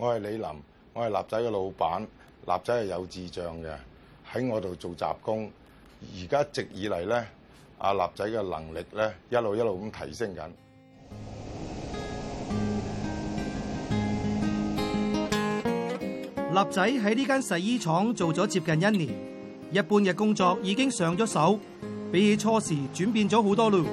我係李林，我係立仔嘅老闆。立仔係有智障嘅，喺我度做雜工。而家直以嚟咧，阿立仔嘅能力咧，一路一路咁提升緊。立仔喺呢間洗衣廠做咗接近一年，一般嘅工作已經上咗手，比起初時轉變咗好多咯。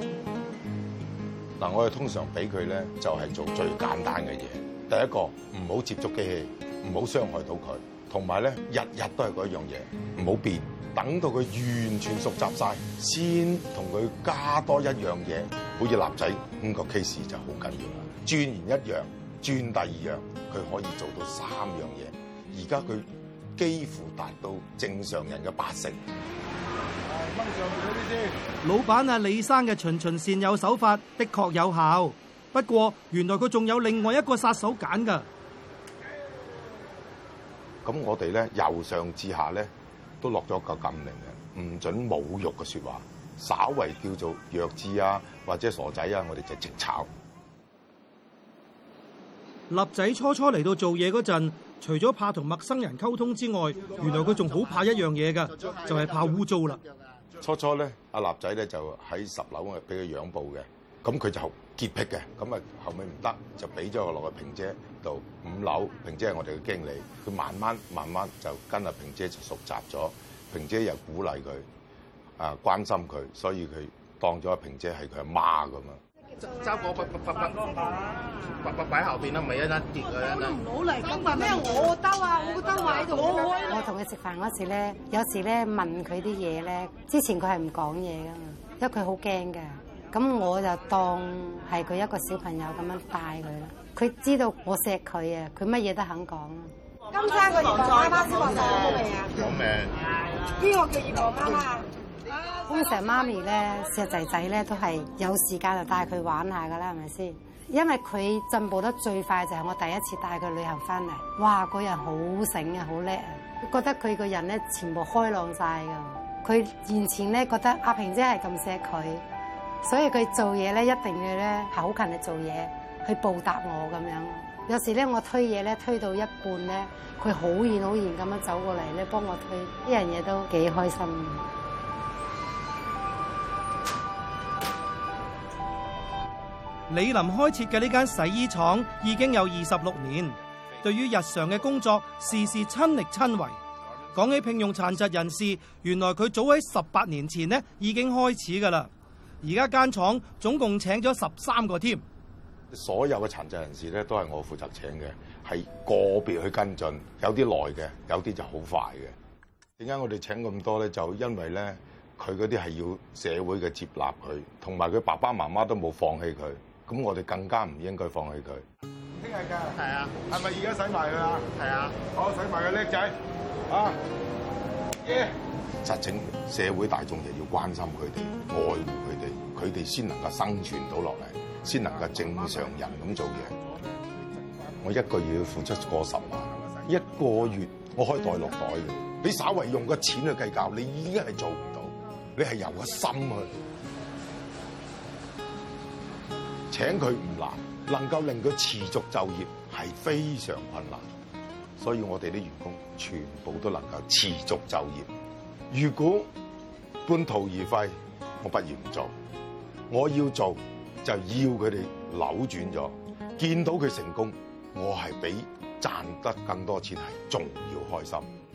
嗱，我哋通常俾佢咧，就係做最簡單嘅嘢。第一個唔好接觸機器，唔好傷害到佢。同埋咧，日日都係嗰樣嘢，唔好變。等到佢完全熟習晒，先同佢加多一樣嘢。好似立仔呢個 case 就好緊要啦。轉完一樣，轉第二樣，佢可以做到三樣嘢。而家佢幾乎達到正常人嘅八成。老闆啊，李生嘅循循善誘手法的確有效，不過原來佢仲有另外一個殺手鐧噶。咁我哋咧由上至下咧都落咗個禁令啊，唔准侮辱嘅說話，稍為叫做弱智啊或者傻仔啊，我哋就直炒。立仔初初嚟到做嘢嗰陣，除咗怕同陌生人溝通之外，原來佢仲好怕一樣嘢噶，就係怕污糟啦。初初咧，阿立仔咧就喺十樓啊，俾佢養步嘅，咁佢就潔癖嘅，咁啊後尾唔得，就俾咗落去平姐度五樓。平姐係我哋嘅經理，佢慢慢慢慢就跟阿平姐就熟習咗，平姐又鼓勵佢，啊關心佢，所以佢當咗阿平姐係佢阿媽咁啊。揸嗰百百百百百百擺後邊啦，唔係一粒跌嘅啦。我都唔好嚟，咁話咩我執啊？我執埋喺度。我開，我同佢食飯嗰時咧，有時咧問佢啲嘢咧，之前佢係唔講嘢嘅嘛，因為佢好驚嘅。咁我就當係佢一個小朋友咁樣帶佢啦。佢知道我錫佢啊，佢乜嘢都肯講。金山嘅兒童爸爸先講命未啊？講命。邊個嘅兒童爸爸？通常媽咪咧錫仔仔咧都係有時間就帶佢玩下噶啦，係咪先？因為佢進步得最快就係我第一次帶佢旅行翻嚟，哇！嗰人好醒啊，好叻啊！覺得佢個人咧全部開朗晒噶，佢完前以前咧覺得阿平姐係咁錫佢，所以佢做嘢咧一定要咧係好勤力做嘢去報答我咁樣。有時咧我推嘢咧推到一半咧，佢好遠好遠咁樣走過嚟咧幫我推，呢樣嘢都幾開心。李林開設嘅呢間洗衣廠已經有二十六年，對於日常嘅工作事事親力親為。講起聘用殘疾人士，原來佢早喺十八年前呢已經開始噶啦。而家間廠總共請咗十三個添，所有嘅殘疾人士呢都係我負責請嘅，係個別去跟進，有啲耐嘅，有啲就好快嘅。點解我哋請咁多呢？就因為呢，佢嗰啲係要社會嘅接納佢，同埋佢爸爸媽媽都冇放棄佢。咁我哋更加唔應該放棄佢。聽日㗎，係啊，係咪而家使埋佢啊？係啊，好使埋佢叻仔啊！實、yeah. 情社會大眾就要關心佢哋，愛護佢哋，佢哋先能夠生存到落嚟，先能夠正常人咁做嘢。嗯嗯、我一個月要付出過十萬，嗯嗯、一個月我可以袋落袋嘅，嗯、你稍微用個錢去計較，你已經係做唔到，嗯、你係由個心去。請佢唔難，能夠令佢持續就業係非常困難，所以我哋啲員工全部都能夠持續就業。如果半途而廢，我不如唔做。我要做，就要佢哋扭轉咗，見到佢成功，我係比賺得更多錢係仲要開心。